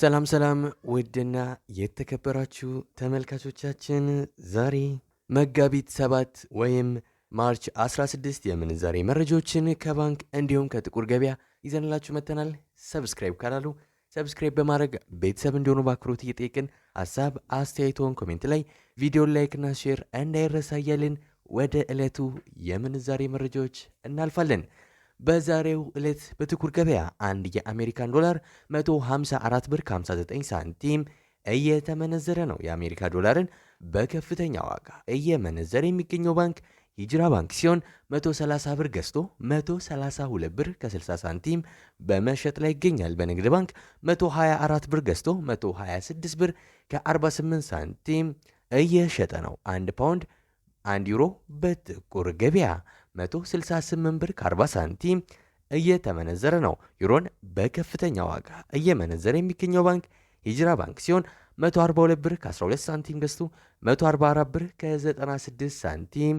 ሰላም ሰላም ውድና የተከበራችሁ ተመልካቾቻችን ዛሬ መጋቢት ሰባት ወይም ማርች 16 የምንዛሬ መረጃዎችን ከባንክ እንዲሁም ከጥቁር ገበያ ይዘንላችሁ መጥተናል። ሰብስክራይብ ካላሉ ሰብስክራይብ በማድረግ ቤተሰብ እንዲሆኑ በአክብሮት እየጠየቅን ሀሳብ አስተያየቶን ኮሜንት ላይ ቪዲዮ ላይክና ሼር እንዳይረሳ እያልን ወደ ዕለቱ የምንዛሬ መረጃዎች እናልፋለን። በዛሬው ዕለት በጥቁር ገበያ አንድ የአሜሪካን ዶላር 154 ብር 59 ሳንቲም እየተመነዘረ ነው። የአሜሪካ ዶላርን በከፍተኛ ዋጋ እየመነዘረ የሚገኘው ባንክ ሂጅራ ባንክ ሲሆን 130 ብር ገዝቶ 132 ብር ከ60 ሳንቲም በመሸጥ ላይ ይገኛል። በንግድ ባንክ 124 ብር ገዝቶ 126 ብር ከ48 ሳንቲም እየሸጠ ነው። አንድ ፓውንድ አንድ ዩሮ በጥቁር ገበያ 168 ብር ከ40 ሳንቲም እየተመነዘረ ነው። ዩሮን በከፍተኛ ዋጋ እየመነዘረ የሚገኘው ባንክ ሂጅራ ባንክ ሲሆን 142 ብር ከ12 ሳንቲም ገዝቶ 144 ብር ከ96 ሳንቲም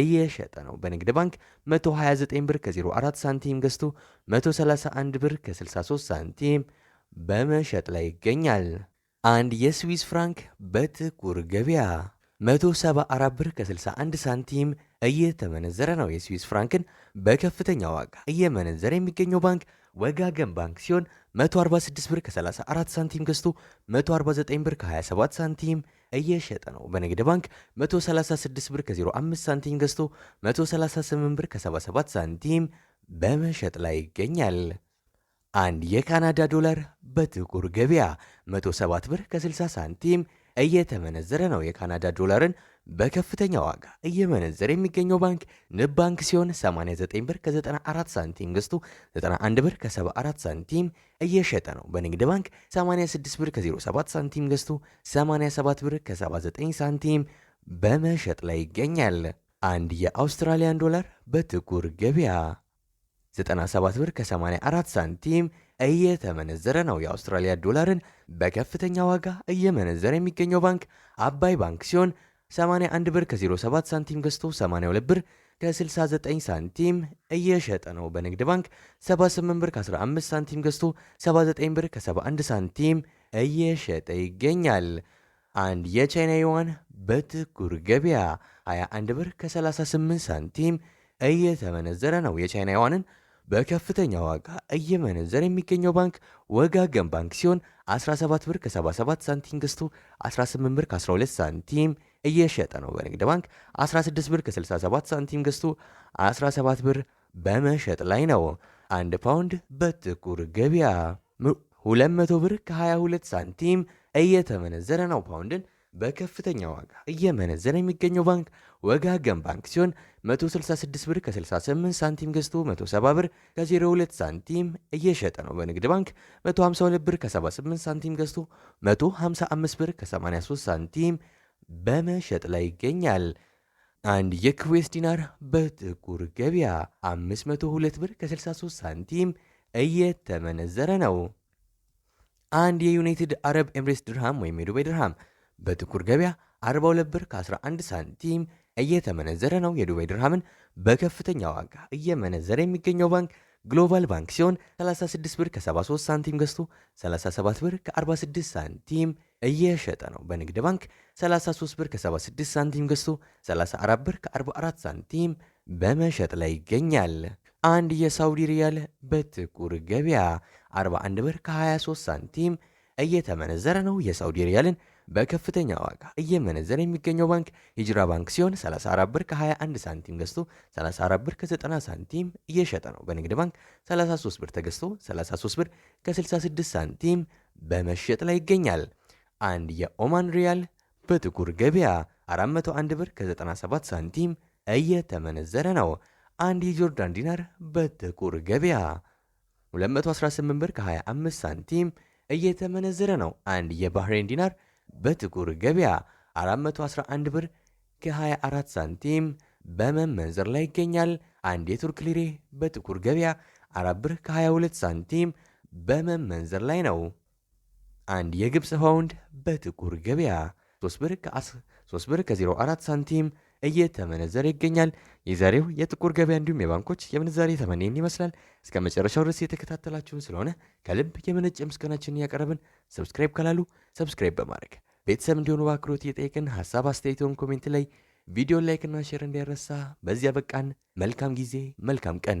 እየሸጠ ነው። በንግድ ባንክ 129 ብር ከ04 ሳንቲም ገዝቶ 131 ብር ከ63 ሳንቲም በመሸጥ ላይ ይገኛል። አንድ የስዊስ ፍራንክ በጥቁር ገበያ 174 ብር ከ61 ሳንቲም እየተመነዘረ ነው። የስዊስ ፍራንክን በከፍተኛ ዋጋ እየመነዘረ የሚገኘው ባንክ ወጋገን ባንክ ሲሆን 146 ብር ከ34 ሳንቲም ገዝቶ 149 ብር ከ27 ሳንቲም እየሸጠ ነው። በንግድ ባንክ 136 ብር ከ05 ሳንቲም ገዝቶ 138 ብር ከ77 ሳንቲም በመሸጥ ላይ ይገኛል። አንድ የካናዳ ዶላር በጥቁር ገበያ 107 ብር ከ60 ሳንቲም እየተመነዘረ ነው። የካናዳ ዶላርን በከፍተኛ ዋጋ እየመነዘረ የሚገኘው ባንክ ንብ ባንክ ሲሆን 89 ብር ከ94 ሳንቲም ገዝቶ 91 ብር ከ74 ሳንቲም እየሸጠ ነው። በንግድ ባንክ 86 ብር ከ07 ሳንቲም ገዝቶ 87 ብር ከ79 ሳንቲም በመሸጥ ላይ ይገኛል። አንድ የአውስትራሊያን ዶላር በጥቁር ገበያ 97 ብር ከ84 ሳንቲም እየተመነዘረ ነው። የአውስትራሊያ ዶላርን በከፍተኛ ዋጋ እየመነዘረ የሚገኘው ባንክ አባይ ባንክ ሲሆን 81 ብር ከ07 ሳንቲም ገዝቶ 82 ብር ከ69 ሳንቲም እየሸጠ ነው። በንግድ ባንክ 78 ብር ከ15 ሳንቲም ገዝቶ 79 ብር ከ71 ሳንቲም እየሸጠ ይገኛል። አንድ የቻይና ዩዋን በጥቁር ገበያ 21 ብር ከ38 ሳንቲም እየተመነዘረ ነው። የቻይና ዩዋንን በከፍተኛ ዋጋ እየመነዘረ የሚገኘው ባንክ ወጋገን ባንክ ሲሆን 17 ብር ከ77 ሳንቲም ገዝቶ 18 ብር ከ12 ሳንቲም እየሸጠ ነው። በንግድ ባንክ 16 ብር ከ67 ሳንቲም ገዝቶ 17 ብር በመሸጥ ላይ ነው። አንድ ፓውንድ በጥቁር ገበያ 200 ብር ከ22 ሳንቲም እየተመነዘረ ነው። ፓውንድን በከፍተኛ ዋጋ እየመነዘረ የሚገኘው ባንክ ወጋገን ባንክ ሲሆን 166 ብር ከ68 ሳንቲም ገዝቶ 170 ብር ከ02 ሳንቲም እየሸጠ ነው። በንግድ ባንክ 152 ብር ከ78 ሳንቲም ገዝቶ 155 ብር ከ83 ሳንቲም በመሸጥ ላይ ይገኛል። አንድ የኩዌስ ዲናር በጥቁር ገበያ 502 ብር ከ63 ሳንቲም እየተመነዘረ ነው። አንድ የዩናይትድ አረብ ኤምሬትስ ድርሃም ወይም የዱባይ ድርሃም በጥቁር ገበያ 42 ብር ከ11 ሳንቲም እየተመነዘረ ነው። የዱባይ ድርሃምን በከፍተኛ ዋጋ እየመነዘረ የሚገኘው ባንክ ግሎባል ባንክ ሲሆን 36 ብር ከ73 ሳንቲም ገዝቶ 37 ብር ከ46 ሳንቲም እየሸጠ ነው። በንግድ ባንክ 33 ብር ከ76 ሳንቲም ገዝቶ 34 ብር ከ44 ሳንቲም በመሸጥ ላይ ይገኛል። አንድ የሳውዲ ሪያል በጥቁር ገበያ 41 ብር ከ23 ሳንቲም እየተመነዘረ ነው። የሳውዲ ሪያልን በከፍተኛ ዋጋ እየመነዘረ የሚገኘው ባንክ ሂጅራ ባንክ ሲሆን 34 ብር ከ21 ሳንቲም ገዝቶ 34 ብር ከ90 ሳንቲም እየሸጠ ነው። በንግድ ባንክ 33 ብር ተገዝቶ 33 ብር ከ66 ሳንቲም በመሸጥ ላይ ይገኛል። አንድ የኦማን ሪያል በጥቁር ገበያ 401 ብር ከ97 ሳንቲም እየተመነዘረ ነው። አንድ የጆርዳን ዲናር በጥቁር ገበያ 218 ብር ከ25 ሳንቲም እየተመነዘረ ነው። አንድ የባህሬን ዲናር በጥቁር ገበያ 411 ብር ከ24 ሳንቲም በመመንዘር ላይ ይገኛል። አንድ የቱርክ ሊሬ በጥቁር ገበያ 4 ብር ከ22 ሳንቲም በመመንዘር ላይ ነው። አንድ የግብፅ ፓውንድ በጥቁር ገበያ 3 ብር ከ04 ሳንቲም እየተመነዘረ ይገኛል። የዛሬው የጥቁር ገበያ እንዲሁም የባንኮች የምንዛሬ ተመኔን ይመስላል። እስከ መጨረሻው ድረስ የተከታተላችሁን ስለሆነ ከልብ የመነጨ ምስጋናችንን እያቀረብን ሰብስክራይብ ካላሉ ሰብስክራይብ በማድረግ ቤተሰብ እንዲሆኑ በአክብሮት እየጠየቅን ሀሳብ አስተያየቶን ኮሜንት ላይ ቪዲዮን ላይክና ሼር እንዳይረሳ። በዚያ በቃን። መልካም ጊዜ፣ መልካም ቀን